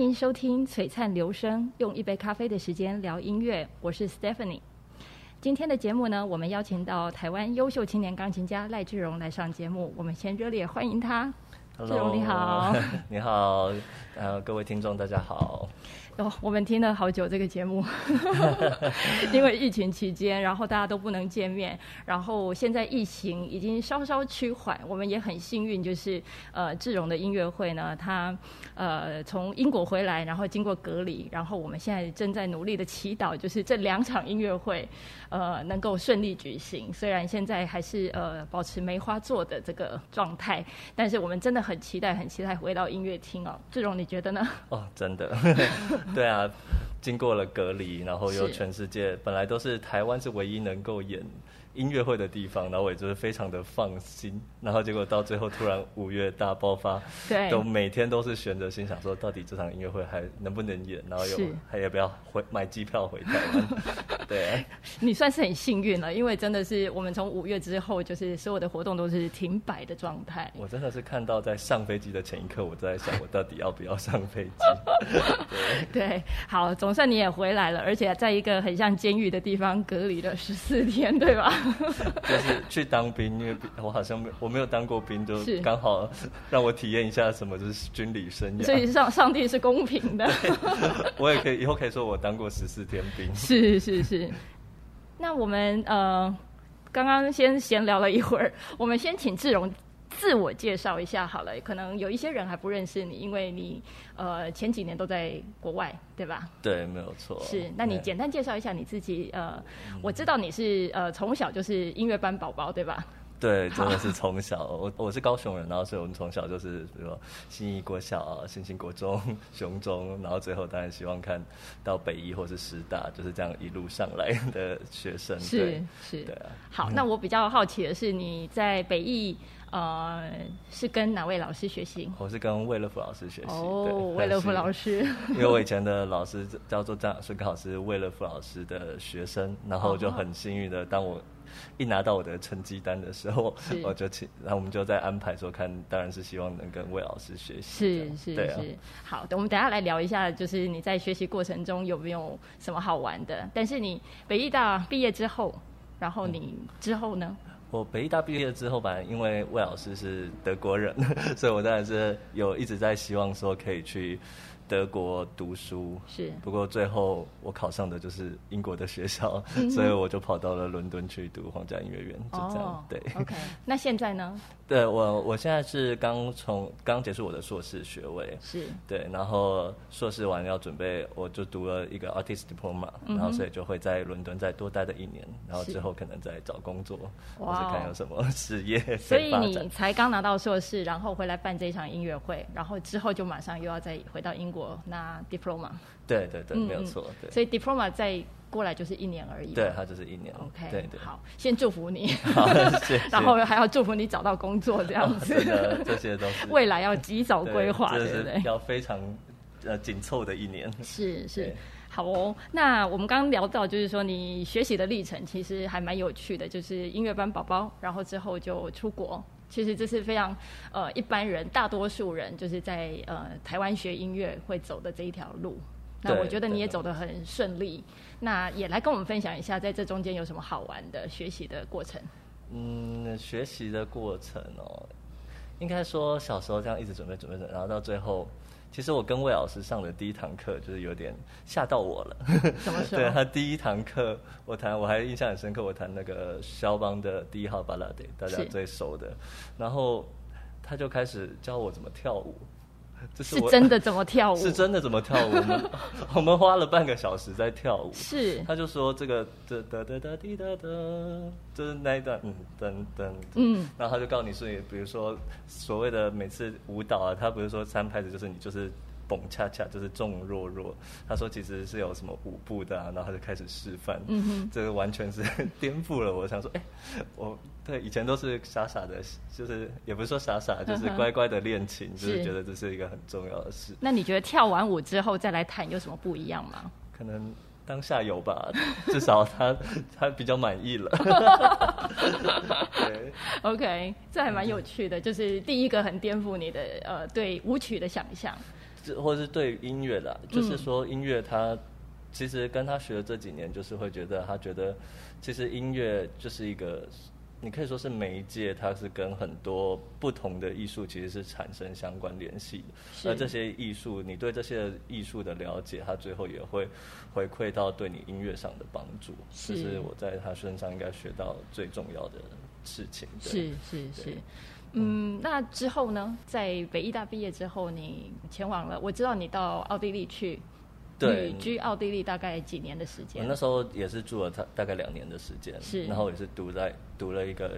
歡迎收聽《璀璨流聲》，用一杯咖啡的時間聊音樂。我是 Stephanie。今天的節目呢，我們邀請到台灣優秀青年鋼琴家賴致融來上節目。我們先熱烈歡迎他。Hello, 致融你好，你好，呃、 啊，各位聽眾大家好。Oh, 我們聽了好久這個節目， 因為疫情期間，然後大家都不能見面，然後現在疫情已經稍稍趨緩，我們也很幸運，就是呃致融的音樂會呢，他呃從英國回來，然後經過隔離，然後我們現在正在努力的祈禱，就是這兩場音樂會呃能夠順利舉行。雖然現在還是呃保持梅花座的這個狀態，但是我們真的很期待，很期待回到音樂廳哦。致融，你覺得呢？哦、oh，真的。 對啊，經過了隔離，然後又全世界，本來都是台灣是唯一能夠演音樂會的地方，然後我也就是非常的放心，然後結果到最後突然五月大爆發，對，都每天都是懸着心，想說到底這場音樂會還能不能演，然後有還要不要回買機票回台灣？ 對啊，你算是很幸運了，因為真的是我們從五月之後，就是所有的活動都是停擺的狀態。我真的是看到在上飛機的前一刻，我都在想我到底要不要上飛機 對。對，好，總算你也回來了，而且在一個很像監獄的地方隔離了十四天，對吧？ 就是去當兵，因為我好像沒我沒有當過兵，就剛好讓我體驗一下什麼就是軍旅生涯。所以上上帝是公平的， 我也可以以後可以說我當過十四天兵。是是是，那我們呃剛剛先閒聊了一會兒，我們先請致融。自我介紹一下好了，可能有一些人還不認識你，因為你呃前幾年都在國外，對吧？對，沒有錯。是，那你簡單介紹一下你自己、嗯、呃，我知道你是呃從小就是音樂班寶寶，對吧？對，真的是從小，我我是高雄人，然後所以我們從小就是比如說新興國小、啊、新興國中、雄中，然後最後當然希望看到北藝或是師大，就是這樣一路上來的學生。對，是是，對啊。好、嗯，那我比較好奇的是你在北藝。呃，是跟哪位老師學習？我是跟魏樂富老師學習。哦、oh,，魏樂富老師。因為我以前的老師叫做張，是跟老師魏樂富老師的學生，然後我就很幸運的，當我一拿到我的成績單的時候，oh, oh, oh. 我就請，然後我們就在安排說，看，當然是希望能跟魏老師學習。是是是、啊，好，我們等下來聊一下，就是你在學習過程中有沒有什麼好玩的？但是你北藝大畢業之後，然後你之後呢？嗯我北藝大畢業之後吧，因為魏老師是德國人，所以我當然是有一直在希望說可以去。德國讀書，是。不過最後我考上的就是英國的學校， 所以我就跑到了倫敦去讀皇家音樂院，就這樣。哦、對，OK。那現在呢？對，我我現在是剛從剛結束我的碩士學位，是。對，然後碩士完要準備，我就讀了一個 artist diploma、嗯、然後所以就會在倫敦再多待的一年，然後之後可能再找工作，或者看有什麼事業。 所以你才剛拿到碩士， 然後回來辦這一場音樂會，然後之後就馬上又要再回到英國。那 diploma 對對對、嗯，沒有錯。對，所以 diploma 再過來就是一年而已。對，它就是一年。OK，對對。好，先祝福你。好，謝 謝。然後還要祝福你找到工作這樣子。啊、這些都未來要及早規劃，對對對。要非常 呃緊湊的一年。是是，好哦。那我們剛剛聊到，就是說你學習的歷程其實還蠻有趣的，就是音樂班寶寶，然後之後就出國。其實這是非常呃一般人、大多數人就是在呃台灣學音樂會走的這一條路。那我覺得你也走得很順利，那也來跟我們分享一下，在這中間有什麼好玩的學習的過程。嗯，學習的過程哦，應該說小時候這樣一直準備、準備、準備，然後到最後。其實我跟魏老師上的第一堂課就是有點嚇到我了。什 麼事？對，他第一堂課，我彈，我還印象很深刻，我彈那個肖邦的第一號 Ballade，大家最熟的，然後他就開始教我怎麼跳舞。這是，是真的怎麼跳舞？呃、是真的怎麼跳舞 我，們我們花了半個小時在跳舞。 是，他就說這個噠噠噠噠滴噠噠，就是那一段、嗯、噔噔嗯。然後他就告訴你，說，你比如說所謂的每次舞蹈啊，他不是說三拍子，就是你就是。蹦恰恰就是重弱弱，他說其實是有什麼舞步的、啊，然後他就開始示範。嗯哼，這個完全是顛覆了。我想說，哎、欸，我對以前都是傻傻的，就是也不是說傻傻，就是乖乖的練琴呵呵，就是覺得這是一個很重要的事。那你覺得跳完舞之後再來彈有什麼不一樣嗎？可能當下有吧，至少他 他比較滿意了 對。OK，這還蠻有趣的，就是第一個很顛覆你的呃對舞曲的想象。或者是對音樂啦、嗯，就是說音樂，他其實跟他學的這幾年，就是會覺得他覺得，其實音樂就是一個，你可以說是媒介，它是跟很多不同的藝術其實是產生相關聯繫的。那這些藝術，你對這些藝術的了解，他最後也會回饋到對你音樂上的幫助。這是、就是我在他身上應該學到最重要的事情。對，是是是。是是嗯，那之後呢？在北藝大畢業之後，你前往了。我知道你到奧地利去，對，居奧地利，大概幾年的時間？我那時候也是住了他大概兩年的時間，是。然後也是讀在讀了一個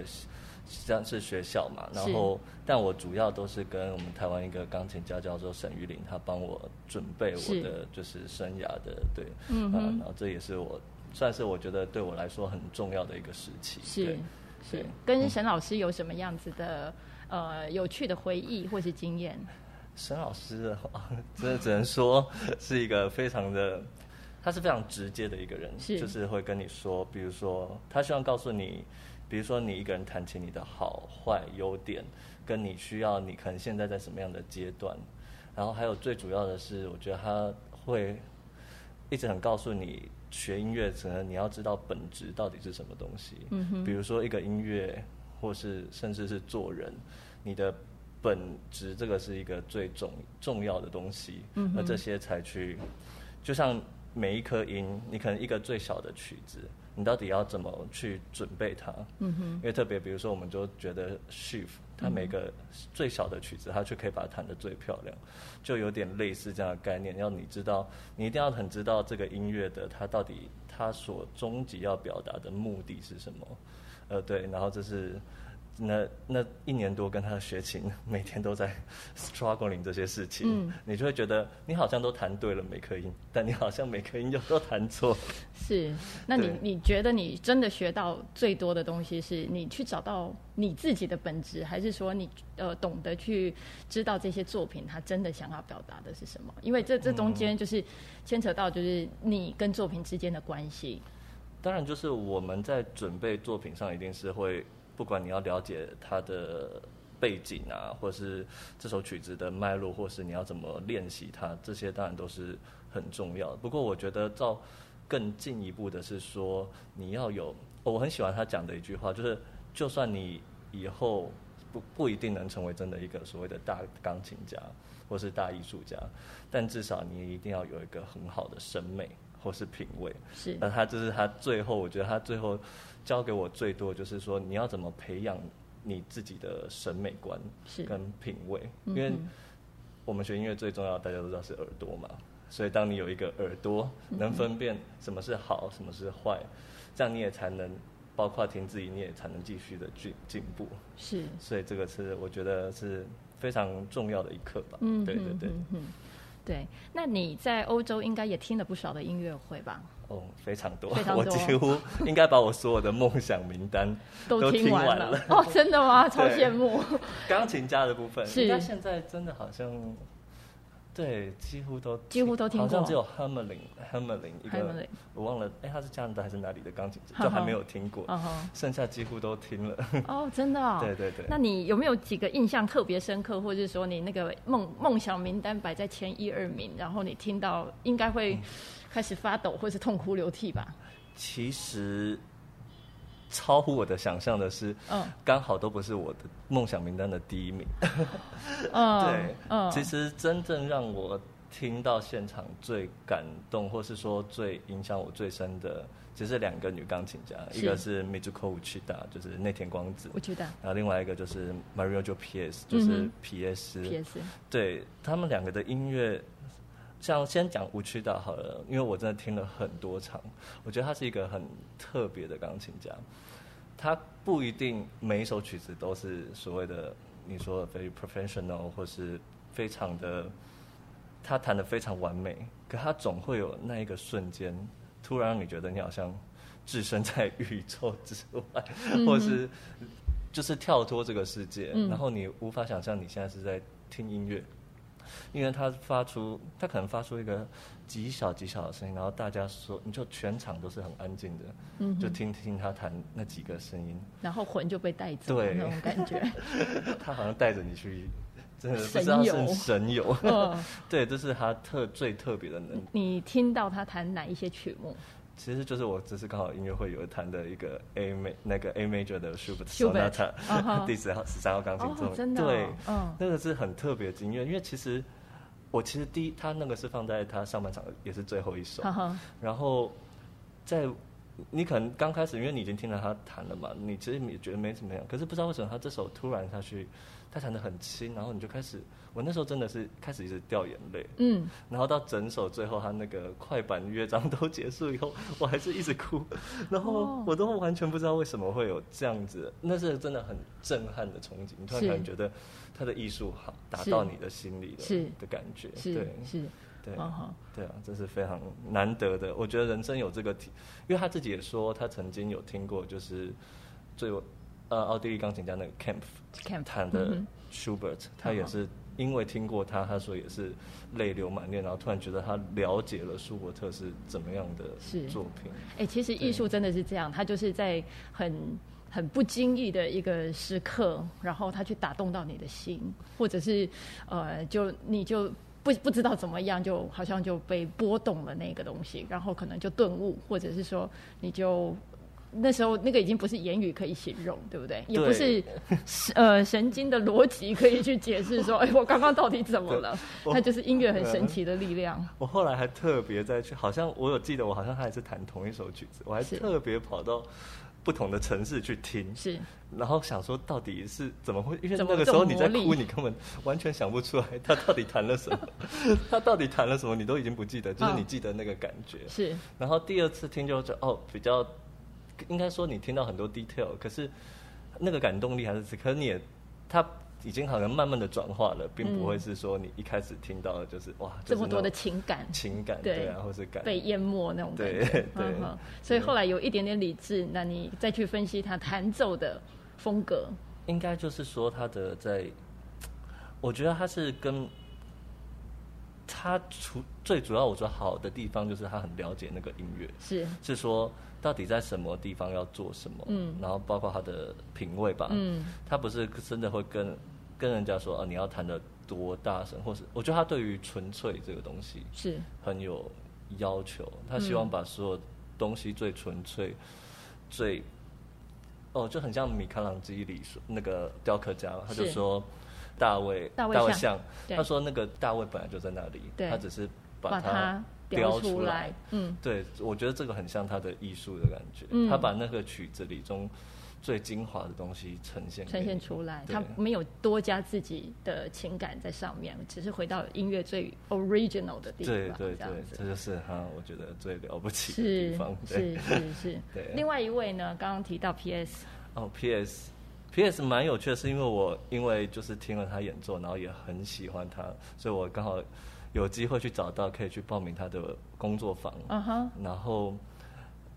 像是學校嘛，然後但我主要都是跟我們台灣一個鋼琴家教授沈玉玲，他幫我準備我的就是生涯的對，嗯，嗯，然後這也是我算是我覺得對我來說很重要的一個時期，是。對是跟沈老師有什麼樣子的、嗯、呃有趣的回憶或是經驗？沈老師的話，真的只能說 是一個非常的，他是非常直接的一個人，是，就是會跟你說，比如說他希望告訴你，比如說你一個人彈琴，你的好壞、優點，跟你需要，你可能現在在什麼樣的階段，然後還有最主要的是，我覺得他會一直很告訴你。學音樂，可能你要知道本質到底是什麼東西。嗯哼，比如說一個音樂，或是甚至是做人，你的本質這個是一個最重重要的東西。嗯，那這些才去，就像每一顆音，你可能一個最小的曲子，你到底要怎麼去準備它？嗯哼，因為特別比如說，我們就覺得 shift。他每個最小的曲子，他卻可以把它彈得最漂亮，就有點類似這樣的概念。要你知道，你一定要很知道這個音樂的，它到底它所終極要表達的目的是什麼，呃，對，然後這是。那那一年多跟他的學琴，每天都在 struggling 這些事情，嗯、你就會覺得你好像都彈對了每顆音，但你好像每顆音又都彈錯。是，那你你覺得你真的學到最多的東西，是你去找到你自己的本質，還是說你呃懂得去知道這些作品他真的想要表達的是什麼？因為這這中間就是牽扯到就是你跟作品之間的關係、嗯。當然，就是我們在準備作品上一定是會。不管你要了解他的背景啊，或是這首曲子的脈絡，或是你要怎麼練習它，這些當然都是很重要的。不過，我覺得照更進一步的是說，你要有，我很喜歡他講的一句話，就是就算你以後不不一定能成為真的一個所謂的大鋼琴家或是大藝術家，但至少你也一定要有一個很好的審美或是品味。是，那他就是他最後，我覺得他最後，教給我最多就是說，你要怎麼培養你自己的審美觀跟品味。嗯，因為我們學音樂最重要，大家都知道是耳朵嘛。所以，當你有一個耳朵能分辨什麼是好，什麼是壞。嗯，這樣你也才能，包括聽自己，你也才能繼續的進進步。是，所以這個是我覺得是非常重要的一課吧。嗯，對對對，嗯。對，那你在歐洲應該也聽了不少的音樂會吧？哦，非常多，非常多。我幾乎應該把我所有的夢想名單都聽完了。 都聽完了 哦，真的嗎？超羨慕。鋼琴家的部分，是，他現在真的好像。對，幾乎都幾乎都聽過，好像只有 Hamelin Hamelin 一個、Hamelin，我忘了，哎、欸，他是加拿大的還是哪裡的鋼琴家，就還沒有聽過，好好，剩下幾乎都聽了。Oh, 哦，真的，對對對。那你有沒有幾個印象特別深刻，或者說你那個夢夢想名單擺在前一二名，然後你聽到應該會開始發抖、嗯、或是痛哭流涕吧。其實。超乎我的想象的是，剛、oh. 好都不是我的夢想名單的第一名。嗯、oh. 對，嗯、oh. oh.，其實真正讓我聽到現場最感動，或是說最影響我最深的，其實是兩個女鋼琴家，一個是 Mitsuko Uchida，就是內田光子 Uchida，然後另外一個就是 Maria João Pires，就是 Pires、嗯、s 對他們兩個的音樂。像先講無趣導好了，因為我真的聽了很多場，我覺得他是一個很特別的鋼琴家。他不一定每一首曲子都是所謂的你說的 very professional 或是非常的，他彈的非常完美，可他總會有那一個瞬間，突然讓你覺得你好像置身在宇宙之外，嗯、或者是就是跳脫這個世界、嗯，然後你無法想象你現在是在聽音樂。因為他發出，他可能發出一個極小極小的聲音，然後大家說，你就全場都是很安靜的，就聽聽他彈那幾個聲音，然後魂就被帶走，對，那種感覺。 他好像帶着你去，真的神遊，不知道是神遊。呃、 對，這、就是他特最特別的能力。你聽到他彈哪一些曲目？其實就是我，只是剛好音樂會有彈的一個 A m a 那個 A major 的舒伯特奏鳴曲，第十三號鋼、oh, 琴奏鳴曲、oh，對，oh，對，oh，那個是很特別的音樂，oh。因為其實我其實第一，他那個是放在他上半場，也是最後一首，oh，然後在你可能剛開始，因為你已經聽了他彈了嘛，你其實也覺得沒怎麼樣，可是不知道為什麼他這首突然下去。他彈得很輕，然後你就開始，我那時候真的是開始一直掉眼淚，嗯，然後到整首最後他那個快板樂章都結束以後，我還是一直哭，然後我都完全不知道為什麼會有這樣子的、哦，那是真的很震撼的憧憬，你突然覺得他的藝術好達到你的心裡的是的感覺，是對是，是對、哦，對啊，對啊，這是非常難得的，我覺得人生有這個聽，因為他自己也說他曾經有聽過就是最。啊、奧地利鋼琴家那個 Kempff、Kempff 彈的，mm -hmm. Schubert，他也是因為聽過他，他說也是淚流滿面，然後突然覺得他了解了舒伯特是怎麼樣的作品。哎、欸，其實藝術真的是這樣，他就是在很很不經意的一個時刻，然後他去打動到你的心，或者是呃，就你就不不知道怎麼樣，就好像就被波動了那個東西，然後可能就頓悟，或者是說你就。那時候那個已經不是言語可以形容，對不對？對也不是 呃，神經的邏輯可以去解釋說，哎、欸，我剛剛到底怎麼了？它就是音樂很神奇的力量。嗯、我後來還特別再去，好像我有記得，我好像還是彈同一首曲子，我還特別跑到不同的城市去聽，是。然後想說到底是怎麼會？因為那個時候你在哭，你根本完全想不出來他到底彈了什麼， 他到底彈了什麼，你都已經不記得，就是你記得那個感覺。啊、是。然後第二次聽就覺得哦，比較。應該說你聽到很多 detail，可是那個感動力還是，可是你也，他已經好像慢慢的轉化了，並不會是說你一開始聽到的就是、嗯、哇、就是、這麼多的情感情感對然後、啊、是感，被淹沒那種感覺對對、對好好，所以後來有一點點理智，那你再去分析他彈奏的風格，應該就是說他的在我覺得他是跟他除最主要我覺得好的地方就是他很了解那個音樂是是說。到底在什麼地方要做什麼？嗯，然後包括他的品味吧。嗯，他不是真的會跟跟人家說啊，你要彈得多大聲，或是我覺得他對於純粹這個東西是很有要求。他希望把所有東西最純粹、嗯、最哦，就很像米開朗基里說那個雕刻家，他就說大衛大衛，大衛像，像，他說那個大衛本來就在那裡，對他只是把他，把他標出來，嗯，對，我覺得這個很像他的藝術的感覺，嗯。他把那個曲子裡中最精華的東西呈現呈現出來，他沒有多加自己的情感在上面，只是回到音樂最 original 的地方。對對對，這就是他我覺得最了不起的地方。是是是，是，是，對、啊。另外一位呢，剛剛提到 P S。哦，P S，P S 蠻有趣的，是因為我因為就是聽了他演奏，然後也很喜歡他，所以我剛好。有機會去找到，可以去報名他的工作坊。Uh-huh. 然後，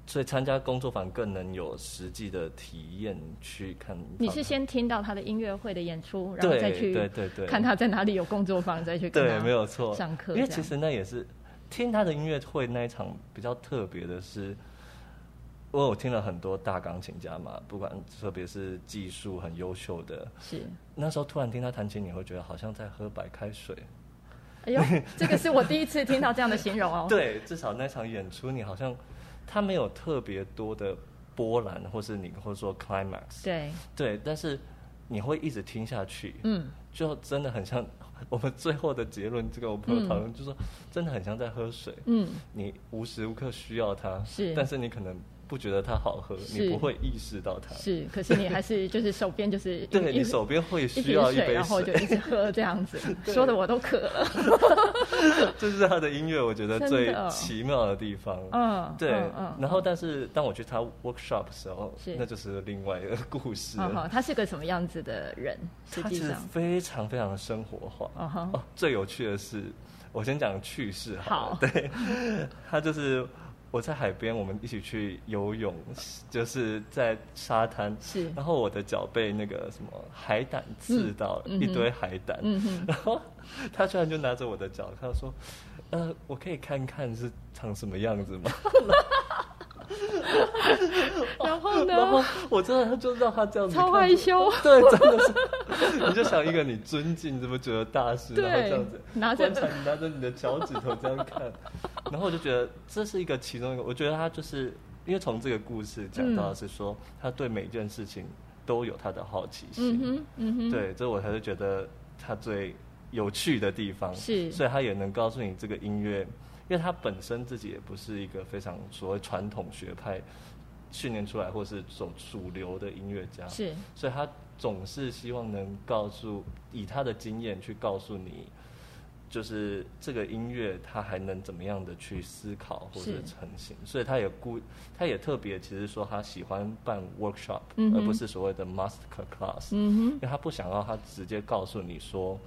所以參加工作坊更能有實際的體驗去看。你是先聽到他的音樂會的演出，然後再去對對對看他在哪裡有工作坊，再去對沒有錯上課。因為其實那也是聽他的音樂會那一場比較特別的是，因為我聽了很多大鋼琴家嘛，不管特別是技術很優秀的，是那時候突然聽他彈琴，你會覺得好像在喝白開水。哎呦，這個是我第一次聽到這樣的形容哦。 對，至少那場演出，你好像它沒有特別多的波瀾，或是你或者說 climax 對。對對，但是你會一直聽下去，嗯，就真的很像我們最後的結論，這個我朋友討論、嗯、就說，真的很像在喝水，嗯，你無時無刻需要它，是，但是你可能。不覺得它好喝，你不會意識到它是。可是你還是就是手邊就是 對，你手邊會需要一杯水，水然後就一直喝這樣子， 說的我都渴了。這 是他的音樂，我覺得最奇妙的地方。嗯、哦哦，對。嗯、哦哦，然後但是，哦、當我去他 workshop 的時候，那就是另外一個故事、哦哦。他是個什麼樣子的人？他是非常非常的生活化哦哦。哦，最有趣的是，我先講趣事好,好，對他就是。 我在海邊，我們一起去游泳，就是在沙灘。是，然後我的腳被那個什麼海膽刺到了、嗯，一堆海膽。嗯哼，然後他居然就拿着我的腳，他說：“呃，我可以看看是長什麼樣子嗎？” 啊、然後呢？然後我真的就知道他，就讓他這樣子，超害羞。對，真的是， 你就想一個你尊敬、這麼覺得大師，然後這樣子，拿着拿着你的腳趾頭這樣看， 然後我就覺得這是一個其中一個。我覺得他就是因為從這個故事講到的是說，嗯、他對每一件事情都有他的好奇心。嗯嗯對，這我還是覺得他最有趣的地方是，所以他也能告訴你這個音樂。因為他本身自己也不是一個非常所謂傳統學派訓練出來，或是走主流的音樂家，是，所以他總是希望能告訴，以他的經驗去告訴你，就是這個音樂他還能怎麼樣的去思考或者成型，所以他也故他也特別其實說他喜歡辦 workshop，、嗯、而不是所謂的 master class，、嗯、因為他不想讓他直接告訴你說。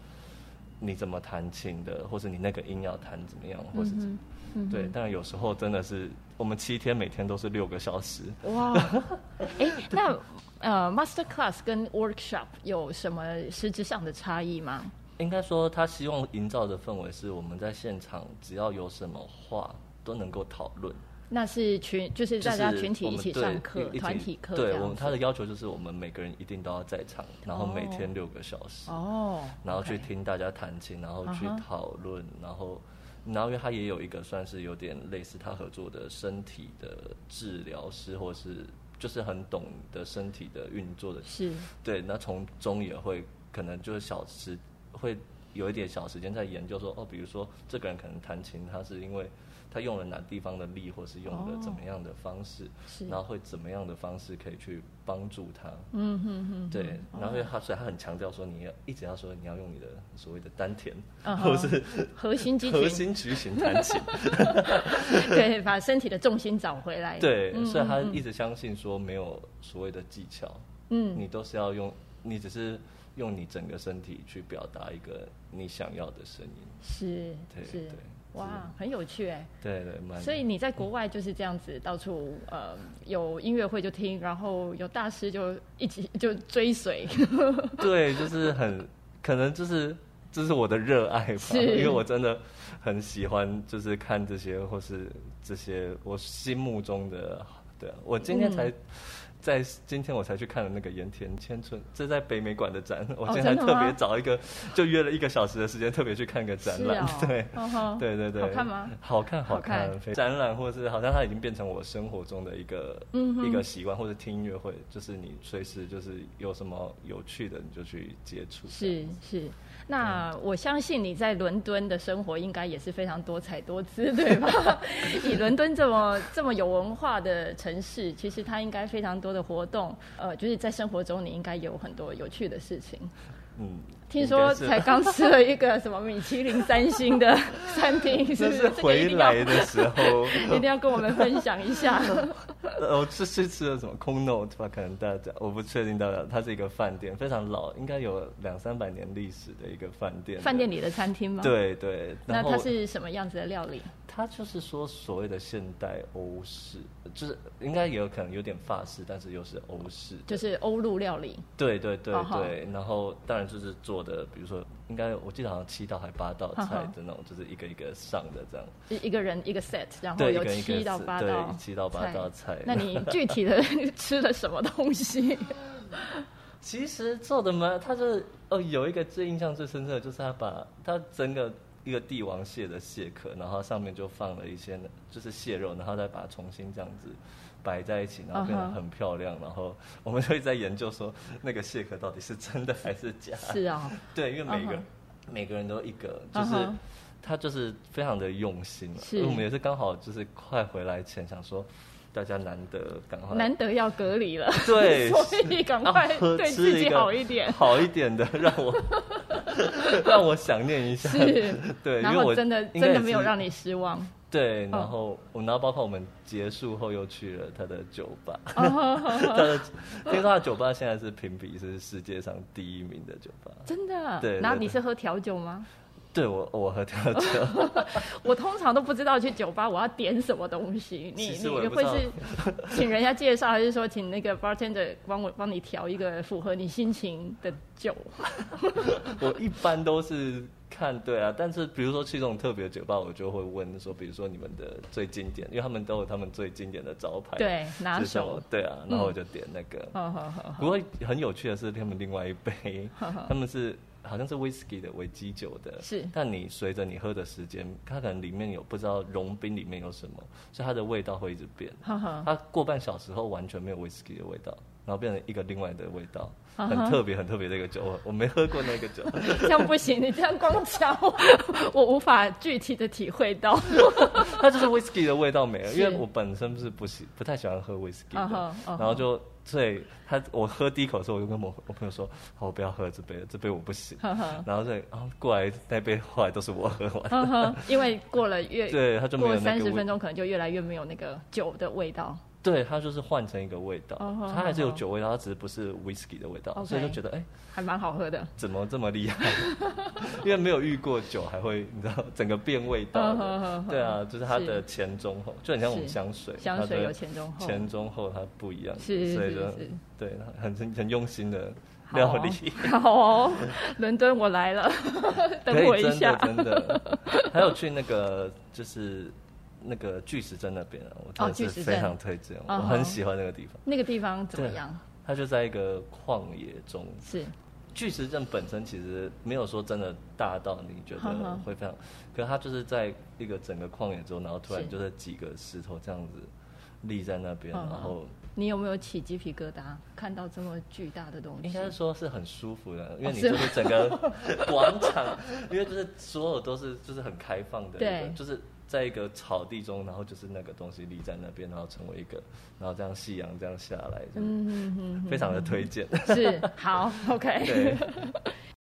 你怎麼彈琴的，或者你那個音要彈怎麼樣，或者怎麼、嗯嗯？對，但有時候真的是，我們七天每天都是六個小時。哇！ 欸、那呃，master class 跟 workshop 有什麼實質上的差異嗎？應該說，他希望營造的氛圍是，我們在現場只要有什麼話都能夠討論。那是群，就是大家群體一起上課，團體課這樣子。就是，對，我們他的要求就是我們每個人一定都要在場，oh, 然後每天六個小時。哦、oh, okay.。然後去聽大家彈琴，uh -huh. 然後去討論，然後然後因為他也有一個算是有點類似他合作的身體的治療師，或是就是很懂得身體的運作的。是、oh, okay.。Uh -huh. 對，那從中也會可能就是小時會有一點小時間在研究說，哦，比如說這個人可能彈琴，他是因為。他用了哪地方的力，或是用的怎麼樣的方式，哦是，然後會怎麼樣的方式可以去幫助他？嗯哼哼，哼，對。嗯、哼哼然後他所以、哦、他很強調說你，你要一直要說，你要用你的所謂的丹田，哦、或是核心肌核心肌群彈琴， 對，把身體的重心找回來。對，嗯、哼哼所以他一直相信說，沒有所謂的技巧。嗯，你都是要用，你只是用你整個身體去表達一個你想要的聲音。是，對是，對。哇，很有趣哎！對對、對，所以你在國外就是這樣子，嗯、到處呃，有音樂會就聽，然後有大師就一起就追隨。對，就是很 可能就是這、就是我的熱愛吧，因為我真的很喜歡，就是看這些或是這些我心目中的。對，我今天才、嗯。在今天我才去看了那個鹽田千春，這在北美館的展，我現在特別找一個、哦，就約了一個小時的時間，特別去看個展覽、啊，對哦哦，對對對。好看嗎？好看好看。好看。展覽或者是好像它已經變成我生活中的一個，一個習慣，或者聽音樂會，就是你隨時就是有什麼有趣的你就去接觸。是是。那我相信你在倫敦的生活應該也是非常多彩多姿，對吧？ 以倫敦這麼這麼有文化的城市，其實它應該非常多的活動，呃，就是在生活中你應該有很多有趣的事情。嗯，聽說才剛吃了一個什麼米其林三星的餐廳， 是不是？回來的時候 一定要跟我們分享一下、 嗯。我吃吃吃了什麼空 note 吧？ 可能大家我不確定，大家它是一個飯店，非常老，應該有兩三百年歷史的一個飯店。飯店裡的餐廳嗎？對對。那它是什麼樣子的料理？它就是說所謂的現代歐式。就是應該也有可能有點法式，但是又是歐式，就是歐陸料理。對對對對，對，oh, 然後當然就是做的，比如說應該我記得好像七道還八道菜的那種，oh, 就是一個一個上的這樣。一個人一個 set，然後有七道八道對對，七道八道菜。那你具體的 吃了什麼東西？ 其實做的嘛，他、就是哦、呃，有一個最印象最深刻的就是他把他整個。一個帝王蟹的蟹殼，然後上面就放了一些，就是蟹肉，然後再把它重新這樣子擺在一起，然後變得很漂亮。Uh -huh. 然後我們就會在研究說，那個蟹殼到底是真的還是假的？是啊，對，因為每個、uh -huh. 每個人都一個，就是他、uh -huh. 就是非常的用心。是、uh -huh. 嗯，我們也是剛好就是快回來前想說，大家難得趕快難得要隔離了，對， 所以趕快、uh -huh. 對自己好一點，一好一點的讓我。 讓我想念一下，是 對，然後，因為我真的真的沒有讓你失望。對，然後，我、oh.，然後包括我們結束後又去了他的酒吧，oh. 他的、oh. 聽說他的酒吧現在是評比是世界上第一名的酒吧，真的。對，對，對，然後你是喝調酒嗎？對我，我喝調酒。 我通常都不知道去酒吧我要點什麼東西。你你會是請人家介紹， 還是說請那個 bartender 幫我幫你調一個符合你心情的酒？ 我一般都是看對啊，但是比如說去這種特別的酒吧，我就會問說，比如說你們的最經典，因為他們都有他們最經典的招牌，對拿手、就是，對啊，然後我就點那個、嗯。不過很有趣的是他們另外一杯， 他們是。好像是威士忌的為基酒的，是，但你隨着你喝的時間，它可能裡面有不知道融冰裡面有什麼，所以它的味道會一直變。哈哈，它過半小時後完全沒有威士忌的味道，然後變成一個另外的味道，uh -huh. 很特別很特別的一個酒。我沒喝過那個酒，像 不行，你這樣光講， 我無法具體的體會到。 它就是威士忌的味道沒了，因為我本身是不喜不太喜歡喝威士忌的。Uh -huh, uh -huh. 然後就。所以他，我喝第一口的時候，我就跟我我朋友說：“好、哦，我不要喝這杯，這杯我不行。呵呵”然後再然後過來那杯，後來都是我喝完的呵呵。因為過了越， 對，他就沒有那，過三十分鐘，可能就越來越沒有那個酒的味道。對，它就是換成一個味道，oh, oh, oh, oh. 它還是有酒味道，它只是不是威士忌的味道，okay. 所以就覺得哎、欸，還蠻好喝的。怎麼這麼厲害？ 因為沒有遇過酒還會，你知道，整個變味道的 oh, oh, oh, oh. 對啊，就是它的前中後，就很像我們香水，香水有前中後，前中後它不一樣是，所以就是是對，很很用心的料理。好、哦，倫 好、哦、 敦我來了， 等我一下。真的真的， 還有去那個就是。那個巨石陣那邊啊，我真的是非常推薦，哦，我很喜歡那個地方。那個地方怎麼樣？它就在一個曠野中。是。巨石陣本身其實沒有說真的大到你覺得會非常，uh -huh. 可是它就是在一個整個曠野中，然後突然就是幾個石頭這樣子立在那邊，uh -huh. 然後。Uh -huh. 你有沒有起雞皮疙瘩？看到這麼巨大的東西？應該說是很舒服的，因為你就是整個廣場， 因為就是所有都是就是很開放的，對，就是。在一個草地中，然後就是那個東西立在那邊，然後成為一個，然後這樣夕陽這樣下來，嗯，非常的推薦。嗯， 是，好，OK。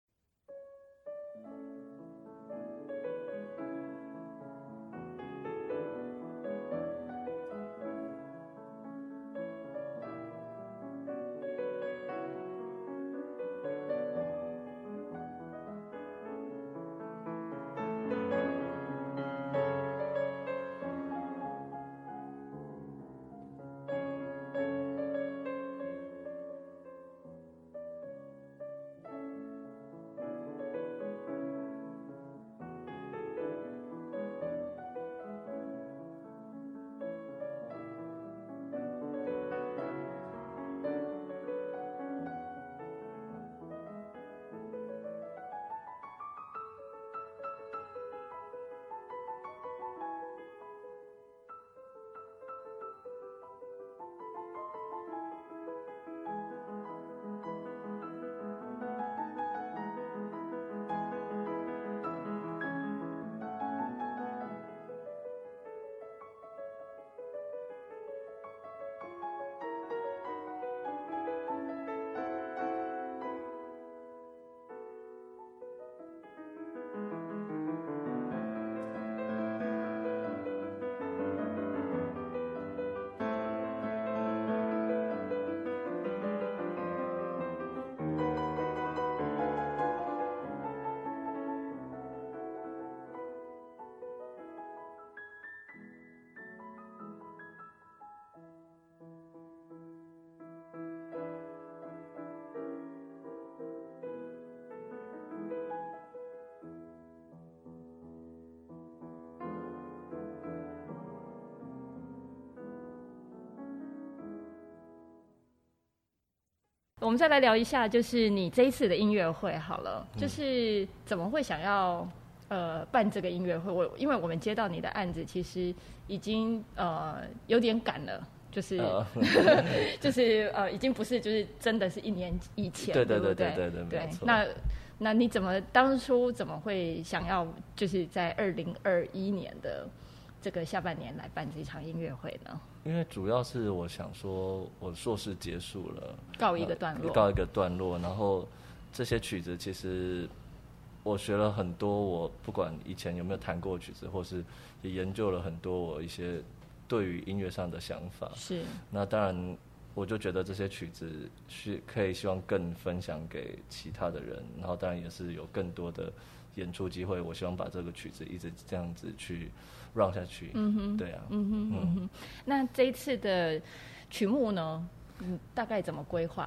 我們再來聊一下，就是你這一次的音樂會好了，就是怎麼會想要呃辦這個音樂會？我因為我們接到你的案子，其實已經呃有點趕了，就是、oh. 就是呃已經不是就是真的是一年以前，對對對對對對，對對對對對對對，沒錯。那那你怎麼當初怎麼會想要就是在二零二一年的？這個下半年來辦這一場音樂會呢？因為主要是我想說，我碩士結束了，告一個段落，告一個段落。然後這些曲子其實我學了很多，我不管以前有沒有彈過曲子，或是也研究了很多我一些對於音樂上的想法。是。那當然，我就覺得這些曲子是可以希望更分享給其他的人，然後當然也是有更多的。演出機會，我希望把這個曲子一直這樣子去 run 下去。嗯哼，對啊，嗯哼，嗯哼。那這一次的曲目呢，大概怎麼規劃？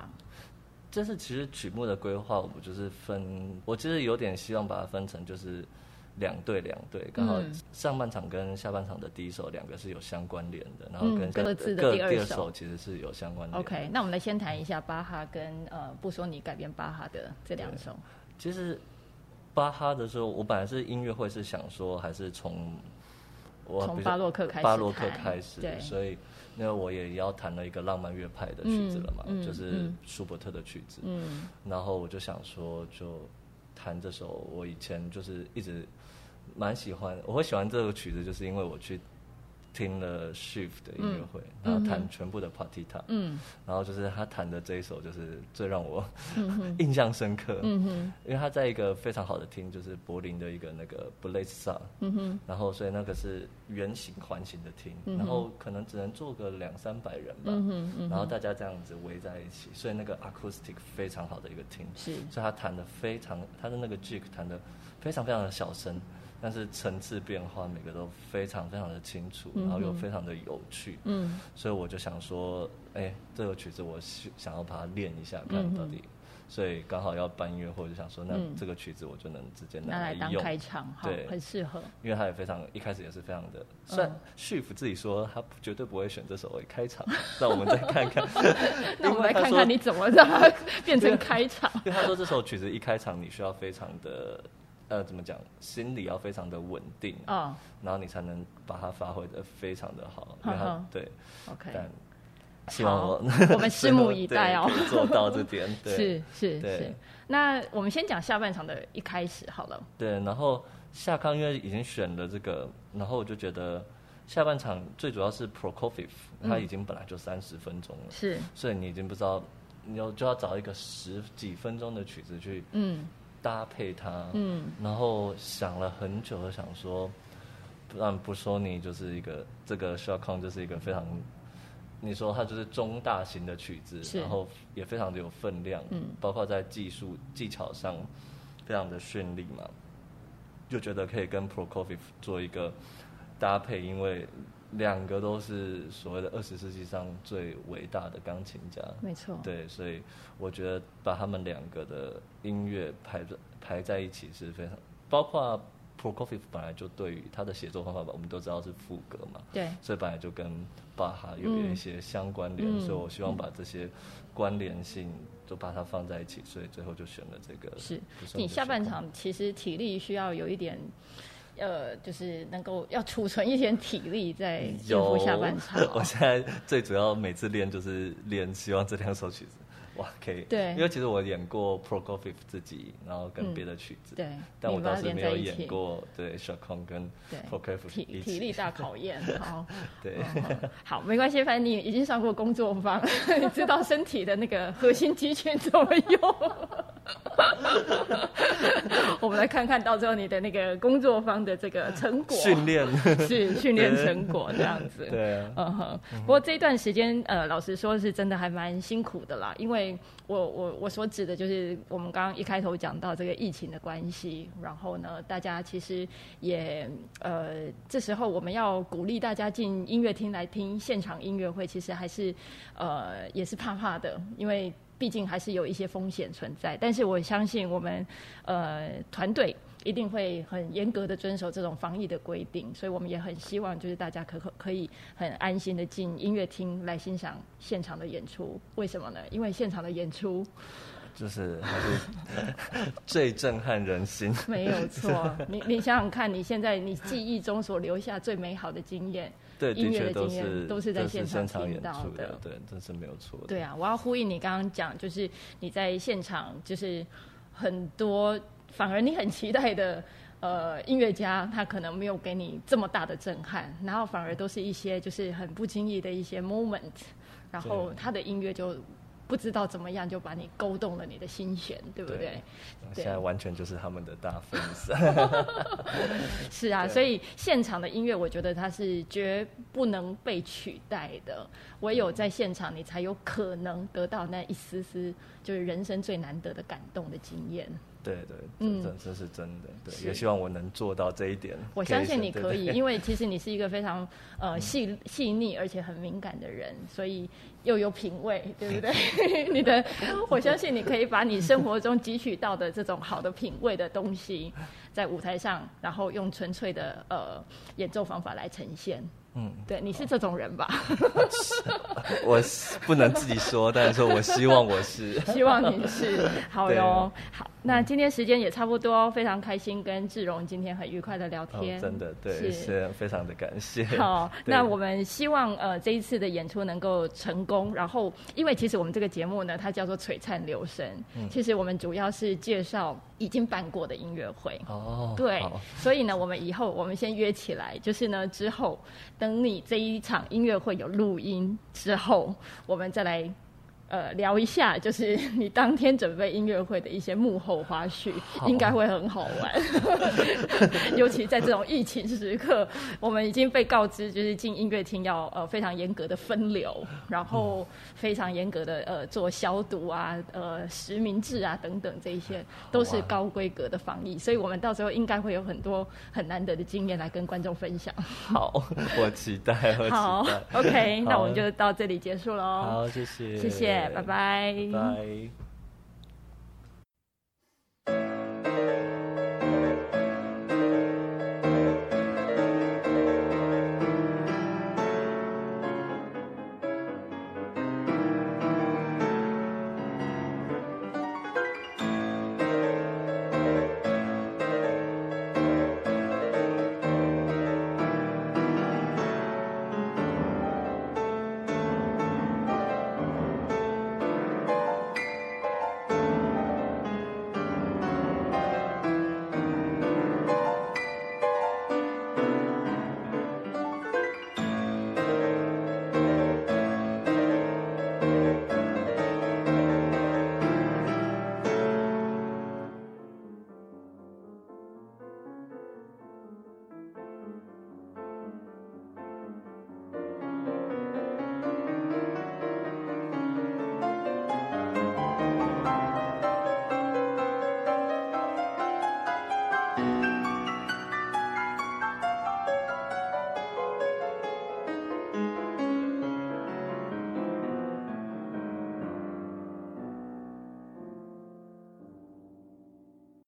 就是其實曲目的規劃，我們就是分，我其實有點希望把它分成就是兩對兩對，剛、嗯、好上半場跟下半場的第一首兩個是有相關聯的，然後跟、嗯、各自的第二首，各第二首其實是有相關聯。OK，那我們來先談一下巴哈跟、嗯、呃，不說你改編巴哈的這兩首，其實。巴哈的時候，我本來是音樂會是想說，還是從我從巴,巴洛克開始，巴洛克開始，所以那我也要彈了一個浪漫樂派的曲子了嘛、嗯嗯，就是舒伯特的曲子，嗯、然後我就想說，就彈這首我以前就是一直蠻喜歡，我會喜歡這個曲子，就是因為我去。聽了 Schiff 的音樂會、嗯，然後彈全部的 Partita、嗯、然後就是他彈的這一首就是最讓我、嗯、 印象深刻，嗯、哼嗯哼，因為他在一個非常好的廳，就是柏林的一個那個 Boulez Saal，然後所以那個是圓形環形的廳、嗯，然後可能只能坐個兩三百人吧，嗯、哼嗯哼然後大家這樣子圍在一起，所以那個 Acoustic 非常好的一個廳，所以他彈的非常他的那個 Gigue 彈的非常非常的小聲。但是層次變化每個都非常非常的清楚，嗯、然後又非常的有趣，嗯，所以我就想說，哎、欸，這個曲子我想要把它練一下，看到，到底、嗯，所以剛好要辦音樂會或者就想說，那這個曲子我就能直接拿來用，嗯、來當開場，對，很適合，因為它也非常一開始也是非常的，雖然 Schiff 自己說他絕對不會選這首為、欸、開場，那 我們再看看， 那我們來看看你怎麼讓它變成開場因，因為他說這首曲子一開場你需要非常的。呃，怎麼講？心理要非常的穩定，哦，然後你才能把它發揮的非常的好。然、哦、後、哦、對，OK、嗯。但，OK、希望 我們拭目以待哦。做到這點， 是是對是。那我們先講下半場的一開始好了。對，然後夏康因為已經選了這個，然後我就覺得下半場最主要是 Prokofiev，他已經本來就三十分鐘了，是，所以你已經不知道你要就要找一個十幾分鐘的曲子去，嗯。搭配它，嗯，然後想了很久，想說，但不，不說，你就是一個這個 Sharkon 就是一個非常，你說它就是中大型的曲子，然後也非常的有分量，嗯，包括在技術技巧上，非常的絢麗嘛，就覺得可以跟 Prokofiev 做一個搭配，因為。兩個都是所謂的二十世紀上最偉大的鋼琴家，沒錯。對，所以我覺得把他們兩個的音樂排在排在一起是非常，包括 Prokofiev 本來就對於他的寫作方法吧，我們都知道是賦格嘛，對，所以本來就跟巴哈有一些相關聯，嗯，所以我希望把這些關聯性都把它放在一起，所以最後就選了這個。是，你下半場其實體力需要有一點。呃，就是能夠要儲存一些體力在，在應付下半場。我現在最主要每次練就是練，希望這兩首曲子，哇，可以。對。因為其實我演過 Prokofiev 自己，然後跟別的曲子，嗯。對。但我倒是沒有演過對 Shostakovich 跟 Prokofiev。對。體體力大考驗。 好。對 oh, oh。好，沒關係，反正你已經上過工作坊， 你知道身體的那個核心肌群怎麼用。 我們來看看到最後你的那個工作方的這個成果訓練，訓練是訓練成果這樣子。對，嗯哼、嗯嗯。嗯嗯嗯、不過這一段時間，呃，老實說是真的還蠻辛苦的啦，因為我我我所指的就是我們剛剛一開頭講到這個疫情的關係，然後呢，大家其實也呃，這時候我們要鼓勵大家進音樂廳來聽現場音樂會，其實還是呃也是怕怕的，因為，畢竟還是有一些風險存在，但是我相信我們，呃，團隊一定會很嚴格的遵守這種防疫的規定，所以我們也很希望就是大家可可可以很安心的進音樂廳來欣賞現場的演出。為什麼呢？因為現場的演出就是還是最震撼人心。 沒有錯，你你想想看，你現在你記憶中所留下最美好的經驗。對，的確都是音樂的經驗都是在現場聽到的，對，這是沒有錯的。對啊，我要呼應你剛剛講，就是你在現場，就是很多反而你很期待的呃音樂家，他可能沒有給你這麼大的震撼，然後反而都是一些就是很不經意的一些 moment，然後他的音樂就。不知道怎麼樣就把你勾動了你的心弦，對不對？現在完全就是他們的大粉絲。 是啊，所以現場的音樂，我覺得它是絕不能被取代的。唯有在現場，你才有可能得到那一絲絲，就是人生最難得的感動的經驗。對，對對，嗯，這這是真的，對，也希望我能做到這一點。我相信你可以，對對對，因為其實你是一個非常呃細細膩而且很敏感的人，所以又有品味，對不對？嗯、 你的，我相信你可以把你生活中汲取到的這種好的品味的東西，在舞台上，然後用純粹的呃演奏方法來呈現。嗯、對，你是這種人吧？哦、是我是不能自己說， 但是說我希望我是希望你是， 是好喲。好，那今天時間也差不多，非常開心跟致融今天很愉快的聊天，哦、真的對，謝謝非常的感謝。好，那我們希望呃這一次的演出能夠成功。然後，因為其實我們這個節目呢，它叫做《璀璨留聲》。嗯、其實我們主要是介紹。已經辦過的音樂會哦，對，所以呢，我們以後我們先約起來，就是呢，之後等你這一場音樂會有錄音之後，我們再來。呃，聊一下就是你當天準備音樂會的一些幕後花絮，應該會很好玩。 尤其在這種疫情時刻， 我們已經被告知就是進音樂廳要呃非常嚴格的分流，然後非常嚴格的呃做消毒啊，呃實名制啊等等，這些都是高規格的防疫，所以我們到時候應該會有很多很難得的經驗來跟觀眾分享。好，我期待，我期待，好，OK，好，那我們就到這裡結束嘍。好，謝謝，謝謝。拜拜，拜拜。